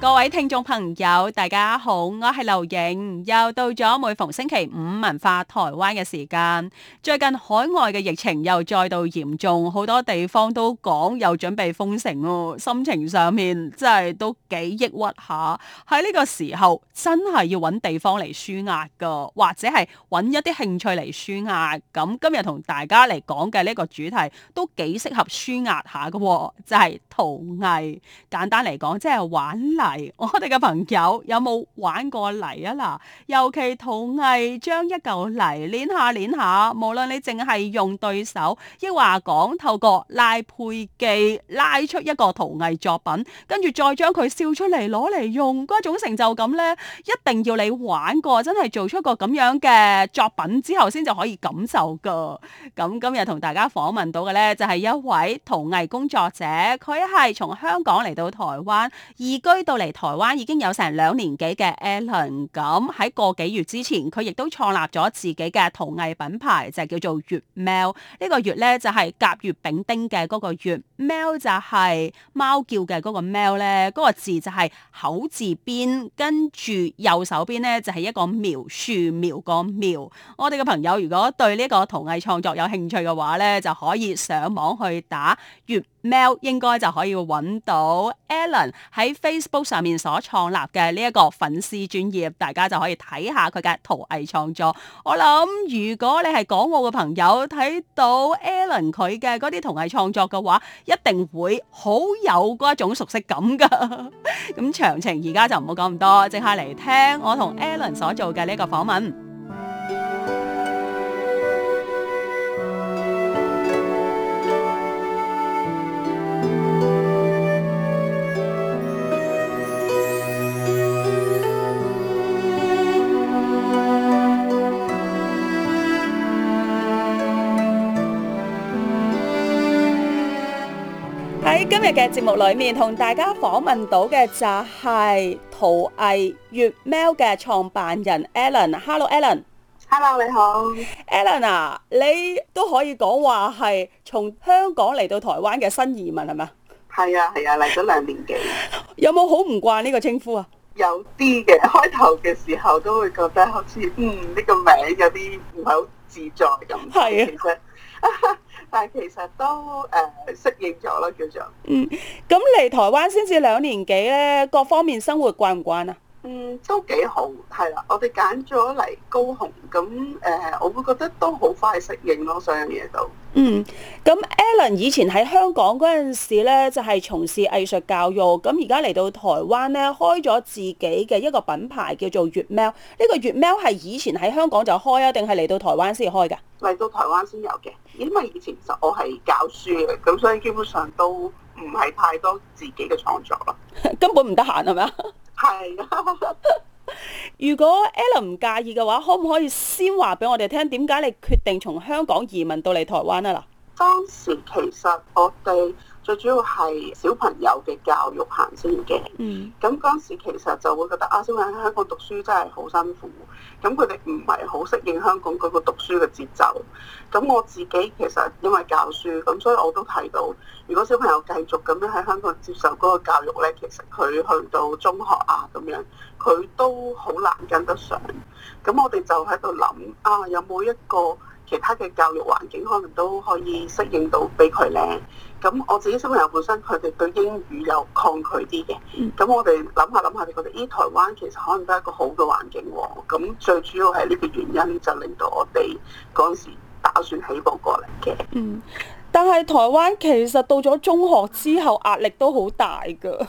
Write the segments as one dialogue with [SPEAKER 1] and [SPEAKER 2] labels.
[SPEAKER 1] 各位聽眾朋友，大家好，我係劉穎，又到咗每逢星期五文化台灣嘅時間。最近海外嘅疫情又再度嚴重，好多地方都講又準備封城哦，心情上面真係都幾抑鬱下。喺呢個時候真係要揾地方嚟舒壓噶，或者係揾一啲興趣嚟舒壓。咁今日同大家嚟講嘅呢個主題都幾適合舒壓下噶，就係陶藝。簡單嚟講，即係玩啦。我哋嘅朋友有冇玩過泥啊嗱？尤其陶藝，將一嚿泥捻下捻下，無論你淨係用對手，抑或講透過拉坯機拉出一個陶藝作品，跟住再將佢燒出嚟攞嚟用，嗰種成就感咧，一定要你玩過，真係做出個咁樣嘅作品之後，先至可以感受噶。咁今日同大家訪問到嘅咧，就係一位陶藝工作者，佢係從香港嚟到台灣移居到，嚟台灣已經有成兩年幾嘅 Ellen，咁喺個幾月之前，佢亦都創立咗自己嘅陶藝品牌，就叫做乙喵。呢個乙呢，就係、是、甲乙丙丁嘅嗰個乙，喵就係貓叫嘅嗰個喵，呢個字就係口字邊，跟住右手邊呢，就係、是、一個苗，樹苗」個苗」苗苗。我哋嘅朋友如果對呢個陶藝創作有興趣嘅話呢，就可以上網去打乙。Mel 應該就可以揾到 Ellen 喺 Facebook 上面所創立嘅呢一個粉絲專頁，大家就可以睇下佢嘅陶藝創作。我諗如果你係港澳嘅朋友，睇到 Ellen 佢嘅嗰啲陶藝創作嘅話，一定會好有嗰種熟悉感㗎。咁 詳情而家就唔好講咁多，即刻嚟聽我同 Ellen 所做嘅呢一個訪問。喺今日嘅節目裏面，同大家訪問到嘅就係陶藝乙喵嘅創辦人 Hello, Ellen。Hello，Ellen。Hello，你好。Ellen 啊，你都可以講話係從香港嚟到台灣嘅新移民係咪？係啊係啊，嚟咗、啊、兩年幾。 有冇好唔慣呢個稱呼啊？有啲嘅，
[SPEAKER 2] 開頭嘅時候都會覺得好似嗯呢、呢個名有啲唔係好自在咁。係 啊。其 但其實都誒、呃、適應咗啦。叫做。嗯，
[SPEAKER 1] 咁嚟台灣先至兩年幾咧，各方面生活慣唔慣啊？嗯，
[SPEAKER 2] 都幾好，係啦。我哋揀咗嚟高雄，咁誒、呃，我會覺得都好快適應咯，所有嘢都。
[SPEAKER 1] 嗯，咁 Ellen 以前喺香港嗰陣時呢，就係、是、從事藝術教育。咁而家嚟到台灣呢，開咗自己嘅一個品牌叫做乙喵呢、呢個乙喵係以前喺香港就開啊，定係嚟到台灣先開噶？嚟
[SPEAKER 2] 到台灣先有嘅。因為以前其實我係教書嘅，咁所以基本上都唔係太多自己嘅創作咯。
[SPEAKER 1] 根本唔得閒係咪啊？係。 如果 Ellen 唔介意嘅話，可唔可以先話俾我哋聽，點解你決定從香港移民到嚟台灣啊？嗱。當時其
[SPEAKER 2] 實我哋最主要係小朋友嘅教育行先嘅，咁、嗯、當時其實就會覺得啊，小朋友喺香港讀書真係好辛苦，咁佢哋唔係好適應香港嗰個讀書嘅節奏。咁我自己其實因為教書，咁所以我都睇到，如果小朋友繼續咁樣喺香港接受嗰個教育咧，其實佢去到中學啊咁樣，佢都好難跟得上。咁我哋就喺度諗啊，有冇一個？其他嘅教育環境可能都可以適應到俾佢咧。咁我自己小朋友本身佢哋對英語有抗拒啲嘅，咁、嗯、我哋諗下諗下，就覺得咦，台灣其實可能都係一個好嘅環境喎。咁最主要係呢個原因就令到我哋嗰陣時打算起步過嚟嘅。嗯，
[SPEAKER 1] 但係台灣其實到咗中學之後壓力都好大㗎。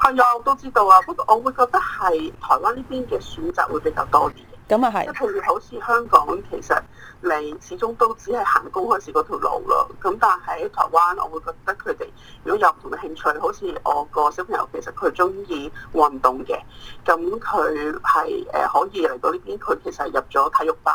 [SPEAKER 1] 係
[SPEAKER 2] 啊，我都知道啊，不過我會覺得係台灣呢邊嘅選擇會比較多啲。咁啊，係、即，譬如好似香港，其實你始終都只係行公開試嗰條路咯。咁但喺台灣，我會覺得佢哋如果有唔同嘅興趣，好似我個小朋友，其實佢中意運動嘅，咁佢係誒可以嚟到呢邊，佢其實入咗體育
[SPEAKER 1] 班，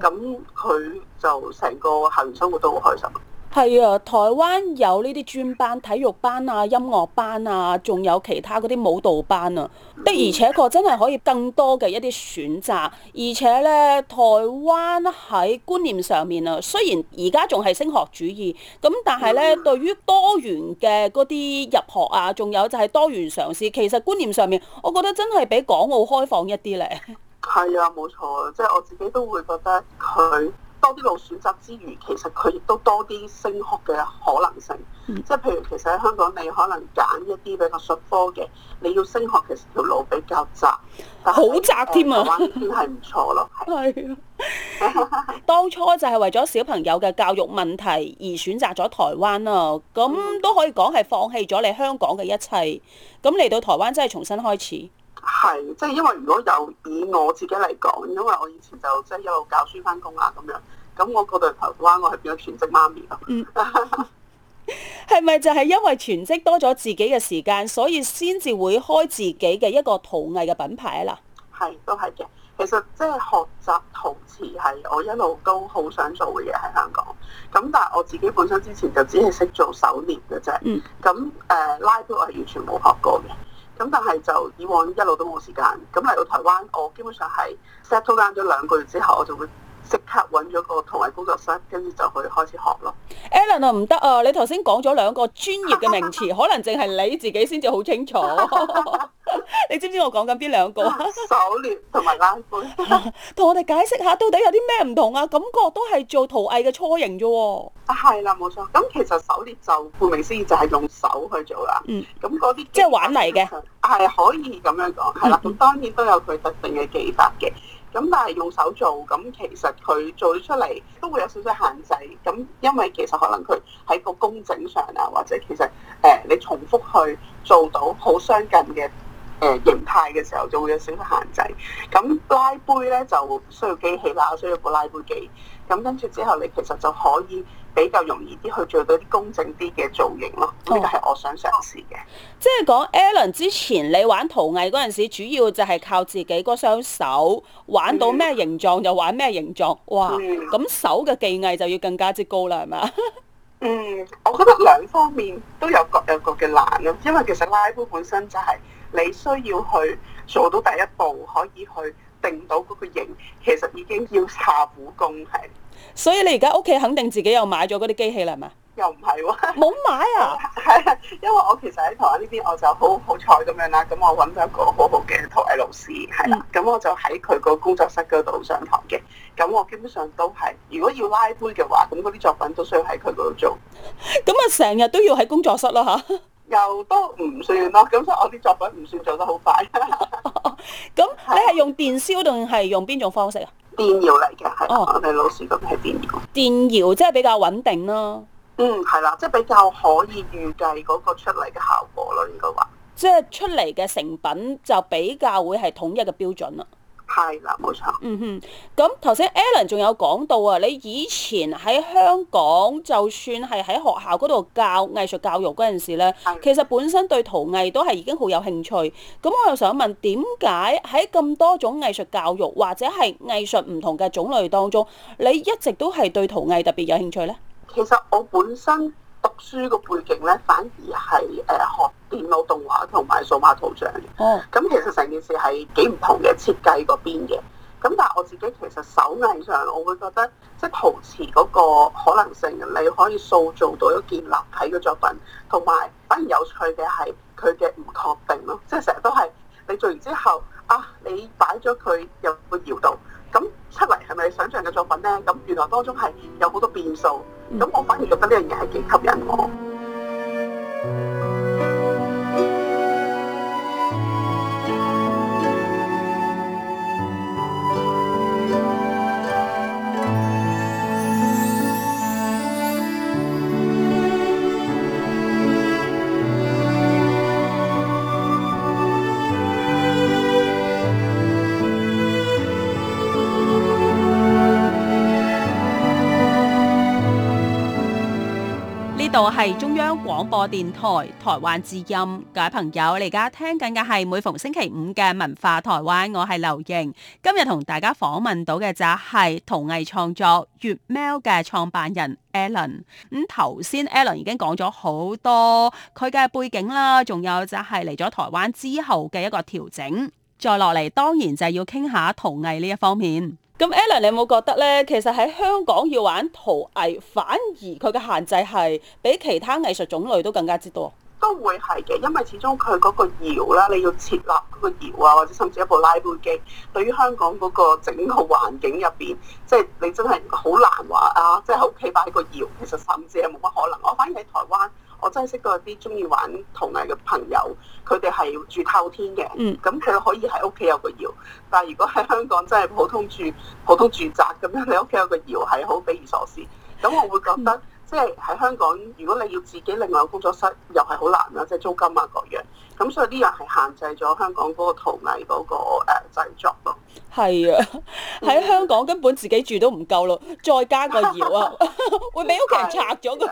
[SPEAKER 2] 咁佢就成個校園生活都好開心。
[SPEAKER 1] 係啊，台灣有呢啲專班、體育班啊、音樂班啊，仲有其他嗰啲舞蹈班啊。的而且確真係可以更多嘅一啲選擇，而且咧，台灣喺觀念上面啊，雖然而家仲係升學主義，咁但係咧，嗯、對於多元嘅嗰啲入學啊，仲有就係多元嘗試，其實觀念上面，我覺得真係比港澳開放一啲咧。係啊，冇
[SPEAKER 2] 錯啊，即係我自己都會覺得佢。多啲路選擇之餘，其實佢亦都多啲升學嘅可能性。即係、嗯、譬如，其實喺香港，你可能揀一啲比較術科嘅，你要升學其實條路比較窄。好窄添啊、哎！台灣係唔錯咯。係 、
[SPEAKER 1] 啊。 當初就係為咗小朋友嘅教育問題而選擇咗台灣啦，咁都可以講係放棄咗你香港嘅一切，咁嚟到台灣真係重新開始。
[SPEAKER 2] 係，即係因為如果有以我自己嚟講，因為我以前就即係一路教書翻工啊咁樣，咁我嗰度台灣我係變咗全職媽咪啦。
[SPEAKER 1] 係咪、嗯、 就係因為全職多咗自己嘅時間，所以先至會開自己嘅一個陶藝嘅品牌啊？嗱，
[SPEAKER 2] 係都係嘅。其實即係學習陶瓷係我一路都好想做嘅嘢喺香港。咁但係我自己本身之前就只係識做手鏈嘅啫。嗯。咁誒、呃，拉坯我係完全冇學過嘅。咁但係就以往一路都冇時間，咁嚟到台灣，我基本上係 settle down 咗兩個月之後，我就會，即刻揾咗個陶藝工作室，
[SPEAKER 1] 跟住就去開始學咯。Ellen 啊，唔得啊！你頭先講咗兩個專業嘅名詞， 可能淨係你自己先至好清楚。 你知唔知我講緊邊兩個啊？ 手捏同埋拉坯。同 我哋解釋下，到底有啲咩唔同啊？感覺都係做陶藝嘅雛形啫喎。啊，係啦，冇錯。咁其
[SPEAKER 2] 實手捏就顧名思義就係用手去做
[SPEAKER 1] 啦。嗯。咁嗰啲即係玩嚟嘅？係
[SPEAKER 2] 可以咁樣講，係啦、嗯嗯。咁當然都有佢特定嘅技法嘅。咁但係用手做，咁其實佢做咗出嚟都會有少少限制。咁因為其實可能佢喺個工整上啊，或者其實誒你重複去做到好相近嘅誒形態嘅時候，就會有少少限制。咁拉杯咧就需要機器啦，需要部拉杯機。咁跟住之後，你其實就可以。比較容易啲去做到啲工整啲嘅造型咯，呢個係我想嘗試嘅。
[SPEAKER 1] 即係講 Ellen 之前你玩陶藝嗰陣時，主要就係靠自己嗰雙手玩到咩形狀就玩咩形狀，嗯、哇！咁手嘅技藝就要更加之高啦，係嘛？
[SPEAKER 2] 嗯，我覺得兩方面都有各有各嘅難咯，因為其實拉坯本身就係你需要去做到第一步可以去。定到嗰個型，其實已經
[SPEAKER 1] 要下苦功。係，所以你而家屋企肯定自己又買咗嗰啲機器啦，係咪？
[SPEAKER 2] 又唔係喎，冇買啊！係啊，因為我其實喺台灣呢邊，我就好好彩咁樣啦。咁我揾到一個好好嘅陶藝老師，係啦。咁、嗯、我就喺佢個工作室嗰度上堂嘅。咁我基本上都係，如果要拉杯嘅話，咁嗰啲作品都需要喺佢嗰度做。
[SPEAKER 1] 咁啊，成日都要喺工作室啦嚇。
[SPEAKER 2] 又都唔算咯，咁所以我啲作品唔算做
[SPEAKER 1] 得好快。咁。 你係用電燒定係用邊種方式啊？電窯嚟嘅，係、oh，我哋老師咁係電窯。電窯即係比較穩定咯。嗯，係啦，即係比較可以預計嗰個出嚟嘅效果咯。應該話即係出嚟嘅成品就比較會係統一嘅標準啦。係啦，冇錯。嗯哼，咁頭先 Ellen 仲有講到啊，你以前喺香港，就算係喺學校嗰度教藝術教育嗰陣時呢，的其實本身對陶藝都係已經好有興趣。咁我又想問，點解喺咁多種藝術教育或者係藝術唔同嘅種類當中，你一直都係對陶藝特別有興趣呢？其實
[SPEAKER 2] 我本身。讀書個背景咧，反而係誒學電腦動畫同埋數碼圖像。嗯。咁其實成件事係幾唔同嘅設計嗰邊嘅。咁但係我自己其實手藝上，我會覺得即係陶瓷嗰個可能性，你可以塑造到一件立體嘅作品。同埋反而有趣嘅係佢嘅唔確定咯，即係成日都係你做完之後，啊你擺咗佢又會搖到，咁出嚟係咪你想象嘅作品咧？咁原來當中係有好多變數。咁我反而覺得呢樣嘢係幾吸引我。
[SPEAKER 1] 廣播電台台灣之音，各位朋友，你而家聽緊嘅係每逢星期五嘅文化台灣，我係劉瑩。今日同大家訪問到嘅就係陶藝創作乙喵嘅創辦人 Ellen。咁、嗯、頭先 Ellen 已經講咗好多佢嘅背景啦，仲有就係嚟咗台灣之後嘅一個調整。再落嚟，當然就係要傾下陶藝呢一方面。咁 Ellen，你有冇覺得咧？其實喺香港要玩陶藝，反而佢嘅限制係比其他藝術種類都更加之多。
[SPEAKER 2] 都會係嘅，因為始終佢嗰個窯啦，你要設立嗰個窯啊，或者甚至一部拉坯機。對於香港嗰個整個環境入邊，即係你真係好難話啊，即係喺屋企擺個窯，其實甚至係冇乜可能。我反而喺台灣。我真係識過啲中意玩陶藝嘅朋友，佢哋係住透天嘅，咁佢可以喺屋企有個窯，但係如果喺香港真係普通住普通住宅咁樣，你屋企有個窯係好匪夷所思，咁我會覺得。即係喺香港，如果你要自己另外個工作室，又係好難啦，即係租金啊、各樣。咁所以啲人係限制咗香港嗰個陶藝嗰個誒製作咯。
[SPEAKER 1] 係啊，喺香港根本自己住都唔夠咯，再加個窑啊， 會俾屋企人拆咗佢。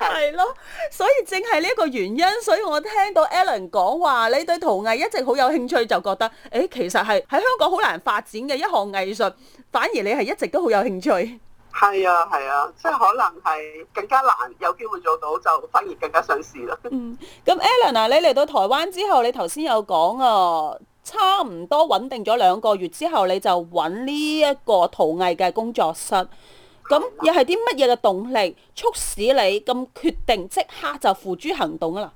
[SPEAKER 1] 係咯、啊啊啊 啊，所以正係呢個原因，所以我聽到 Ellen 講話，你對陶藝一直好有興趣，就覺得誒、欸，其實係喺香港好難發展嘅一項藝術，反而你係一直都好有興趣。
[SPEAKER 2] 係啊，係啊，即係可能係更加難，有機會做
[SPEAKER 1] 到就反而更加想試啦。嗯，咁 Ellen、啊、你嚟到台灣之後，你頭先有講啊，差唔多穩定咗兩個月之後，你就揾呢一個陶藝嘅工作室。咁又係啲乜嘢嘅動力促使你咁決定即刻就付諸行動啊？啦，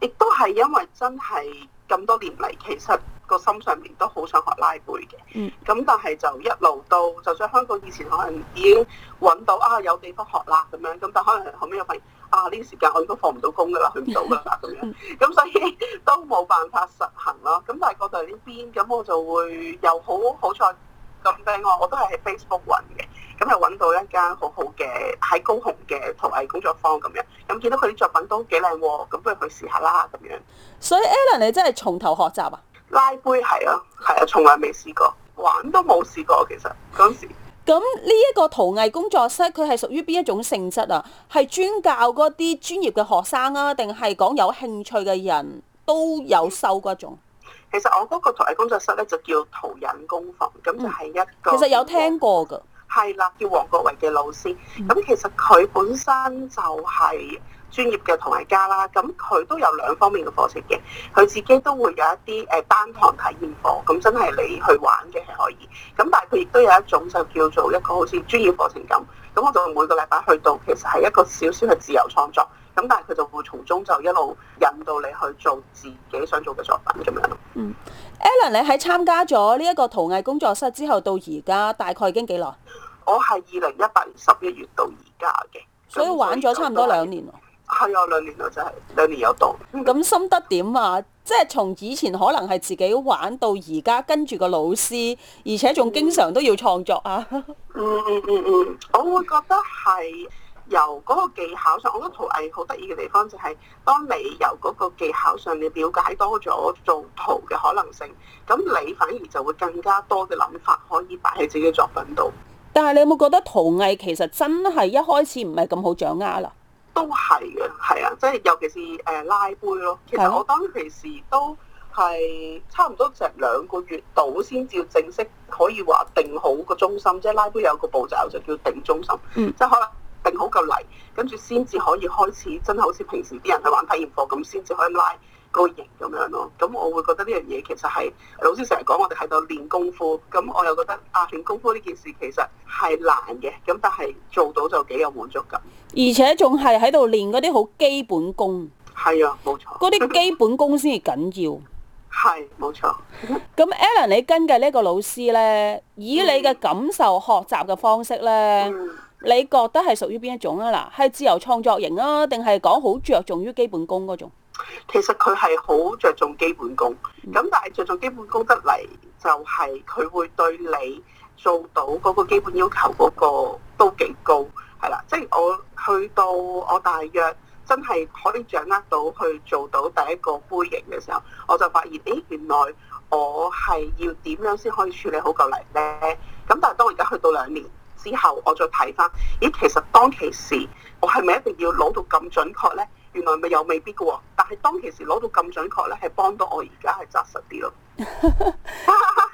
[SPEAKER 1] 亦都係因為真
[SPEAKER 2] 係。咁多年嚟，其實個心上面都好想學拉坯嘅，咁但係就一路到，就算香港以前可能已經揾到啊有地方學啦咁樣，咁但可能後尾又發現啊呢時間我都放唔到工噶啦，去唔到噶啦咁樣，咁所以都冇辦法實行咯。咁但係過到嚟呢邊，咁我就會又好好彩咁俾我，我都係喺 Facebook 揾嘅，咁又揾到一間
[SPEAKER 1] 好好嘅喺高雄嘅陶藝工作坊咁樣，咁見到佢啲作品
[SPEAKER 2] 都幾靚，咁不如去試下啦咁樣。所以 Ellen 你真係從頭學習啊？拉坯。係啊，係啊，從來未試過，玩都冇試過。其實嗰
[SPEAKER 1] 時咁呢一個陶藝工作室，佢係屬於邊一種性質啊？係專教嗰啲專業嘅學生啊，定係講有興趣嘅人都有收嗰一種？嗯？
[SPEAKER 2] 其實我嗰個陶藝工作室咧就叫陶引工房。咁就係一
[SPEAKER 1] 個、嗯、其實有聽過噶。
[SPEAKER 2] 係啦，叫黃國維嘅老師。咁其實佢本身就係專業嘅陶藝家啦。咁佢都有兩方面嘅課程嘅，佢自己都會有一啲誒單堂體驗課。咁真係你去玩嘅係可以。咁但係佢亦都有一種就叫做一個好似專業課程咁。咁我就每個禮拜去到，其實係一個小小嘅自由創作。咁但係佢就會從中就一路引導你去做自己想做嘅作品咁
[SPEAKER 1] 樣。嗯，Ellen，你喺參加咗呢一個陶藝工作室之後到而家，大概已經幾耐？
[SPEAKER 2] 我係二零一八年十一月到而家嘅，
[SPEAKER 1] 所以玩咗差唔多兩年咯。係、嗯、啊，
[SPEAKER 2] 兩年啊，就係、是、兩年有到。
[SPEAKER 1] 咁心得點啊？即、就、係、是、從以前可能係自己玩到而家跟住個老師，而且仲經常都要創作啊。嗯嗯
[SPEAKER 2] 嗯嗯，我會覺得係。由嗰個技巧上，我覺得陶藝好得意嘅地方就係，當你由嗰個技巧上你了解多咗做圖嘅可能性，咁你反而就會更加多嘅諗法可以擺喺自己作品度。
[SPEAKER 1] 但係你有冇覺得陶藝其實真係一開始唔係咁好掌握啦？
[SPEAKER 2] 都係嘅，係啊，即係尤其是誒拉杯咯。其實我當其時都係差唔多成兩個月度先至正式可以話定好個中心，即係拉杯有個步驟就叫定中心，即係、嗯、可能。定好個泥，跟住先至可以開始，真係好似平時啲人去玩體驗課咁，先至可以拉嗰個形咁樣咯。咁、嗯、我會覺得呢樣嘢其實係老師成日講我哋喺度練功夫，咁、嗯、我又覺得啊練功夫呢件事其實係難嘅，咁但係做到就幾有滿足感。
[SPEAKER 1] 而且仲係喺度練嗰啲好基本功。係啊，冇錯。嗰啲基本功先係緊要。係， 冇錯。咁 Ellen，你跟嘅呢個老師呢，以你嘅感受、嗯、學習嘅方式呢。嗯你覺得係屬於邊一種啊？嗱，係自由創作型啊，定係講好着重於基本功嗰種？
[SPEAKER 2] 其實佢係好着重基本功，咁但係着重基本功得嚟就係佢會對你做到嗰個基本要求嗰個都幾高，係啦。即係我去到我大約真係可以掌握到去做到第一個杯型嘅時候，我就發現，誒，原來我係要點樣先可以處理好嚿泥咧？咁但係當我而家去到兩年。之後我再睇翻，咦？其實當其時我係咪一定要攞到咁準確咧？原來咪又未必嘅喎。但係當其時攞到咁準確咧，係幫到我而家係扎實啲咯。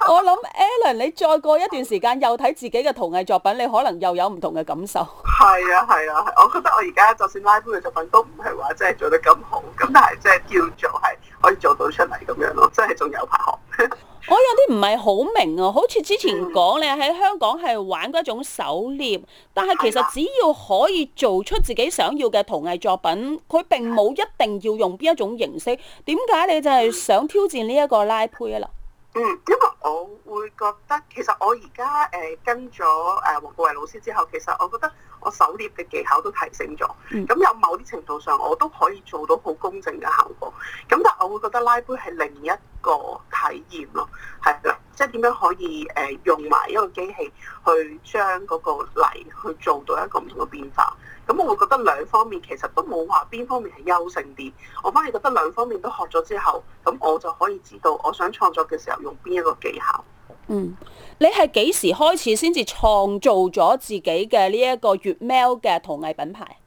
[SPEAKER 1] 我諗 Ellen，你再過一段時間又睇自己嘅圖藝作品，你可能又有唔同嘅感受。
[SPEAKER 2] 係 啊係啊係、啊，我覺得我而家就算拉風嘅作品都唔係話真係做得咁好，咁但係即係叫做係。 可以做到出嚟咁樣咯，即係仲有排學。
[SPEAKER 1] 我有啲唔係好明啊，好似之前講，你喺香港係玩嗰一種手捏，嗯、但係其實只要可以做出自己想要嘅陶藝作品，佢並冇一定要用邊一種形式。點解的你就係想挑戰呢一個拉胚啊？啦，嗯，因為
[SPEAKER 2] 我會覺得其實我而家誒跟咗誒黃國衛老師之後，其實我覺得我手捏嘅技巧都提升咗。咁、嗯、有某啲程度上，我都可以做到好公正嘅效果。咁但我會覺得拉杯係另一個體驗咯，係啦，即係點樣可以誒、呃、用埋一個機器去將嗰個泥去做到一個唔同嘅變化。咁我會覺得兩方面其實都冇話邊方面係優勝啲，我反而覺得兩方面都學咗之後，咁我就可以知道我想創作嘅時候用邊一個技巧。嗯，
[SPEAKER 1] 你係幾時開始先至創造咗自己嘅呢一個乙喵嘅陶藝品牌？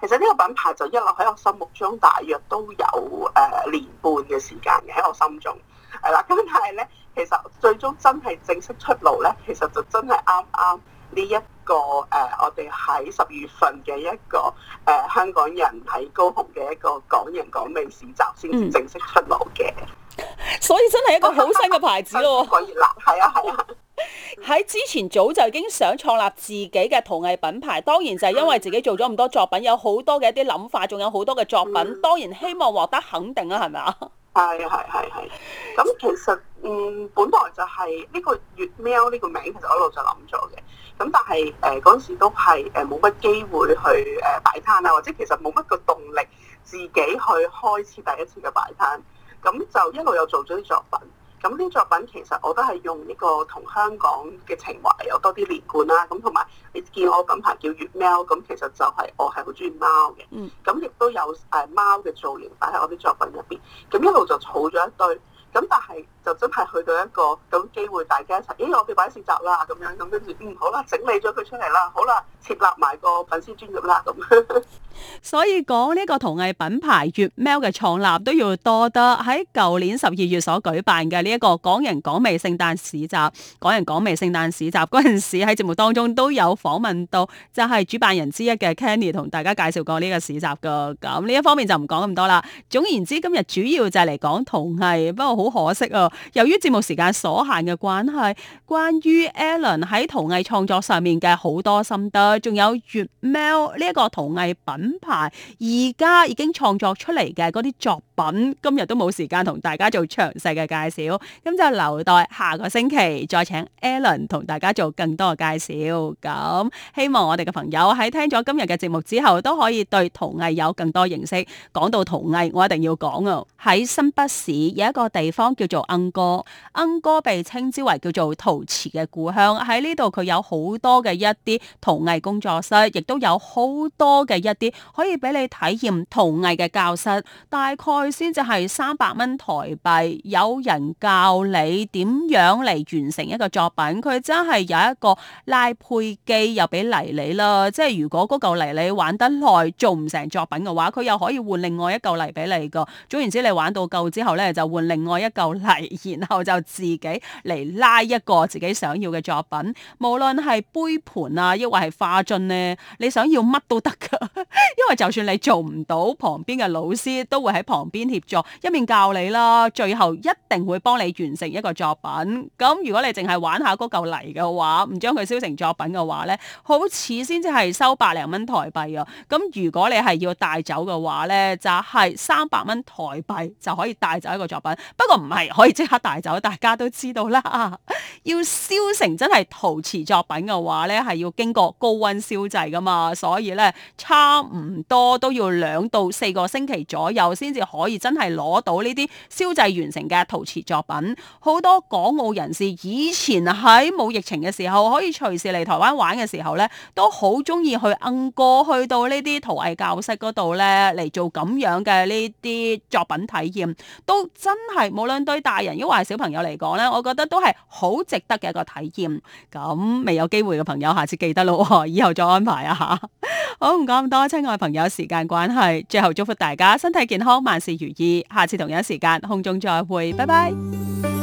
[SPEAKER 2] 其實呢個品牌就一路喺我心目中，大約都有誒、呃、年半嘅時間嘅喺我心中，係啦。咁但係咧，其實最終真係正式出爐咧，其實就真係啱啱呢一個誒、呃，我哋喺十二月份嘅一個誒、呃、香港人喺高雄嘅一個港人港味市集先正式出爐嘅、嗯。
[SPEAKER 1] 所以真係一個好新嘅牌子囉。可以啦，係啊，係啊。 喺之前早就已經想創立自己嘅陶藝品牌，當然就係因為自己做咗咁多作品，有好多嘅一啲諗法，仲有好多嘅作品，當然希望獲得肯定啦，係咪？
[SPEAKER 2] 係係係係，咁其實嗯，本來就係呢個乙喵呢個名，其實我一路就諗咗嘅。咁但係誒嗰陣時都係誒冇乜機會去誒擺攤啊，或者其實冇乜個動力自己去開始第一次嘅擺攤，咁就一路又做咗啲作品。咁啲作品其實我都係用呢個同香港嘅情懷有多啲連貫啦，啊，咁同埋你見我品牌叫乙喵，咁其實就係我係好中意貓嘅，咁亦都有誒貓嘅造型擺喺我啲作品入邊，咁一路就儲咗一堆，咁但係，就真係去到一個咁機會，大家一齊，咦！我哋擺市集啦，咁樣咁跟住，嗯，好啦，整理咗佢出嚟啦，好啦，設立埋個粉
[SPEAKER 1] 絲專頁啦，咁。 所以講呢個陶藝品牌乙喵嘅創立都要多得喺舊年十二月所舉辦嘅呢一個港人港味聖誕市集，港人港味聖誕市集嗰陣時喺節目當中都有訪問到就係主辦人之一嘅 Kenny 同大家介紹過呢個市集噶，咁呢一方面就唔講咁多啦。總言之，今日主要就係嚟講陶藝，不過好可惜啊！由於節目時間所限嘅關係，關於 Ellen 喺陶藝創作上面嘅好多心得，仲有乙喵呢一個陶藝品牌，而家已經創作出嚟嘅嗰啲作品，今日都冇時間同大家做詳細嘅介紹，咁就留待下個星期再請 Ellen 同大家做更多嘅介紹。咁希望我哋嘅朋友喺聽咗今日嘅節目之後，都可以對陶藝有更多認識。講到陶藝，我一定要講啊！喺新北市有一個地方叫做鶯歌，鶯歌被稱之為叫做陶瓷嘅故鄉，喺呢度佢有好多嘅一啲陶藝工作室，亦都有好多嘅一啲可以俾你體驗陶藝嘅教室，大概先至係三百蚊台幣，有人教你點樣嚟完成一個作品，佢真係有一個拉坯機又俾泥你啦，即係如果嗰嚿泥你玩得耐做唔成作品嘅話，佢又可以換另外一嚿泥俾你㗎，總言之你玩到夠之後呢，就換另外一嚿泥。然後就自己嚟拉一個自己想要嘅作品，無論係杯盤啊，抑或係花樽咧，啊，你想要乜都得噶因為就算你做唔到，旁邊嘅老師都會喺旁邊協助，一面教你啦。最後一定會幫你完成一個作品。咁如果你淨係玩下嗰嚿泥嘅話，唔將佢燒成作品嘅話咧，好似先至係收百零蚊台幣啊。咁如果你係要帶走嘅話咧，就係三百蚊台幣就可以帶走一個作品。不過唔係可以。即刻大走，大家都知道啦。要燒成真係陶瓷作品嘅話咧，係要經過高温燒製噶嘛，所以咧差唔多都要兩到四個星期左右，先至可以真係攞到呢啲燒製完成嘅陶瓷作品。好多港澳人士以前喺冇疫情嘅時候，可以隨時嚟台灣玩嘅時候咧，都好中意去硬過去到呢啲陶藝教室度咧，嚟做咁樣嘅呢啲作品體驗，都真係無論對大人如果話係小朋友嚟講呢，我覺得都係好值得嘅一個體驗。咁未有機會嘅朋友，下次記得咯，以後再安排啊吓。 好，唔講咁多，親愛朋友，時間關係，最後祝福大家身體健康，萬事如意。下次同一時間空中再會，拜拜。